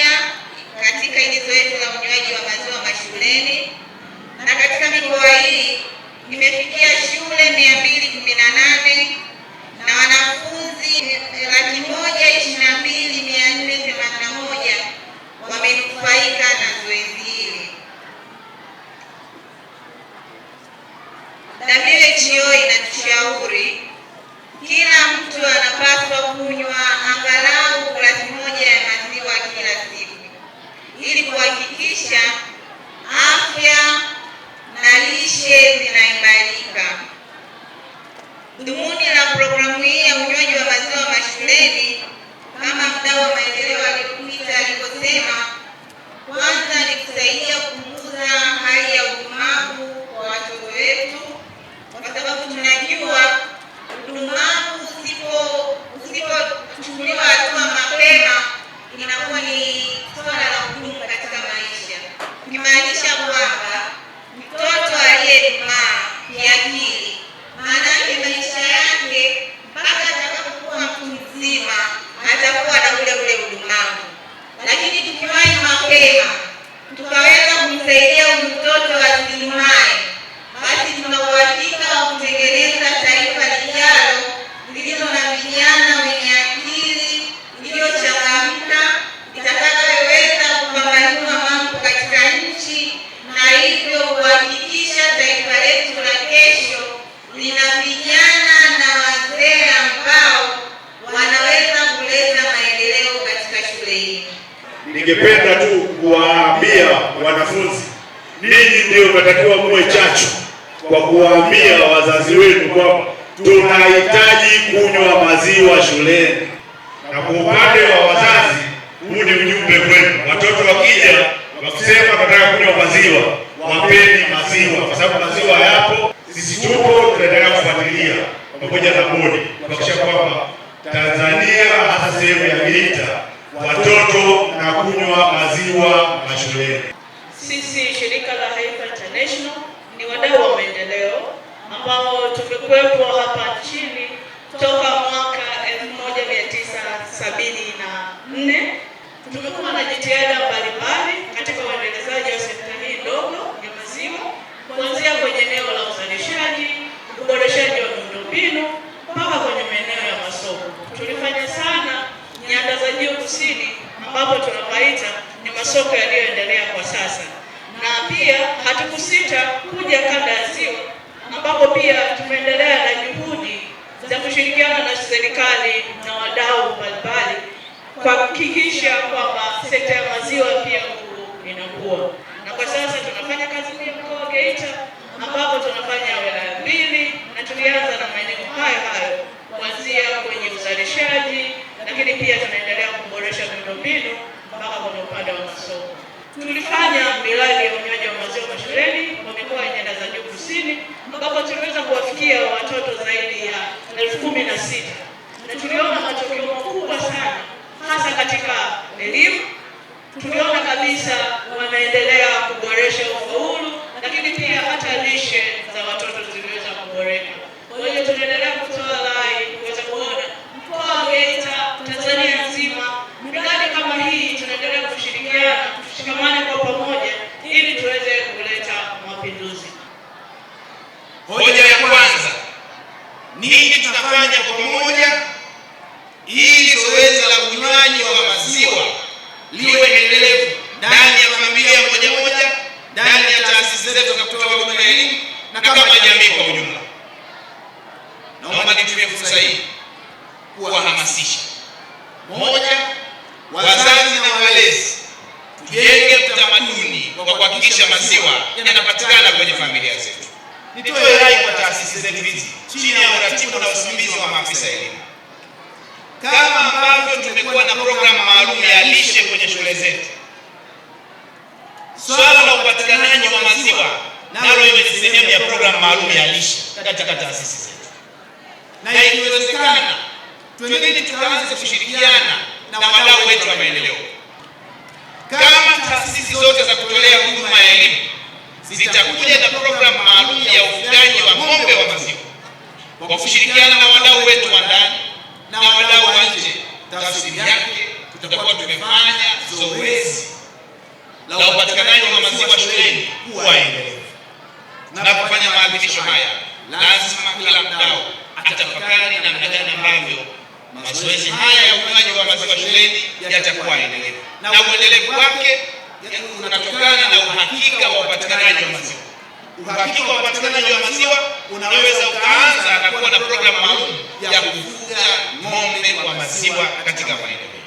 pamoja katika hili zoezi la unywaji wa maziwa mashuleni, na katika mikoa hii imefikia shule mia mbili kumi na nane na wanafunzi laki moja ishirini na mbili mia nne themanini na moja wamenufaika na zoezi hili. WHO inatushauri kila mtu anapaswa kunywa angalau kuwa kila siku ili kuhakikisha afya na lishe zinaimarika. Dhumuni la programu hii ya unywaji wa maziwa mashuleni ningependa tu kuwaambia wanafunzi, ninyi ndio mnatakiwa muwe chachu kwa kuwaambia wazazi wenu kwamba tunahitaji kunywa maziwa shuleni, na kwa upande wa wazazi, huu ni ujumbe kwenu. Watoto wakija wakisema tunataka kunywa maziwa, wapeni maziwa, kwa sababu maziwa yapo. Sisi tupo tunaendelea kufuatilia pamoja na bodi kuhakikisha kwamba Tanzania hasa sehemu ya Geita shuleni. Sisi shirika la Haifa International ni wadau wa maendeleo ambao tumekuwepo hapa nchini toka mwaka 1974. Tumekuwa na jitihada mbalimbali katika uendelezaji wa sekta hii ndogo ya maziwa kuanzia kwenye eneo la uzalishaji, uboreshaji wa miundombinu mpaka kwenye maeneo ya masoko. Tulifanya sana nyanda za juu kusini ambapo tunapaita masoko yaliyoendelea kwa sasa, na pia hatukusita kuja kanda ya Ziwa ambapo pia tumeendelea na juhudi za kushirikiana na serikali na wadau mbalimbali kuhakikisha kwamba sekta ya maziwa pia huku inakuwa, na kwa sasa tunafanya kazi pia mkoa wa Geita ambapo tunafanya wilaya mbili na tulianza na maeneo hayo hayo kuanzia kwenye uzalishaji, lakini pia tunaendelea kuboresha miundombinu mpaka kwenye upande wa masomo. Tulifanya miradi ya unywaji wa maziwa mashuleni kwa mikoa ya nyanda za juu kusini, ambapo tuliweza kuwafikia watoto zaidi ya elfu kumi na sita na tuliona matokeo makubwa sana, hasa katika elimu. Tuliona kabisa wanaendelea kuboresha nini tutafanya kwa pamoja ili zoezi la unywaji wa maziwa liwe endelevu ndani ya familia moja moja, ndani ya taasisi zetu za kutoa huduma ya elimu na kama jamii kwa ujumla. Naomba nitumie fursa hii kuwahamasisha, moja, wazazi na walezi, tujenge utamaduni wa kuhakikisha maziwa yanapatikana kwenye familia zetu. Nitoe rai kwa taasisi zetu hizi chini ya uratibu na usimamizi wa maafisa elimu. Kama ambavyo tumekuwa na programu maalum ya lishe kwenye shule zetu, swala la upatikanaji wa maziwa nalo ni sehemu ya programu maalum ya lishe katika taasisi zetu, na ikiwezekana twendeni tuanze kushirikiana na wadau wetu wa maendeleo. Kama taasisi zote za kutolea huduma ya elimu zitakuja na programu maalum ya ufugaji wa ng'ombe wa maziwa kwa kushirikiana na wadau wetu wa ndani na wadau wa nje. Tafsiri yake tutakuwa tumefanya zoezi la upatikanaji wa maziwa shuleni kuwa endelevu. kufanya maadhimisho haya, lazima kila mdau atafakari namna gani ambavyo mazoezi haya ya unywaji wa maziwa shuleni yatakuwa endelevu, na uendelevu wake unatokana na uhakika uhakika wa upatikanaji wa maziwa unaweza ukaanza na kuwa na programu maalum ya kufuga ng'ombe kwa maziwa katika maeneo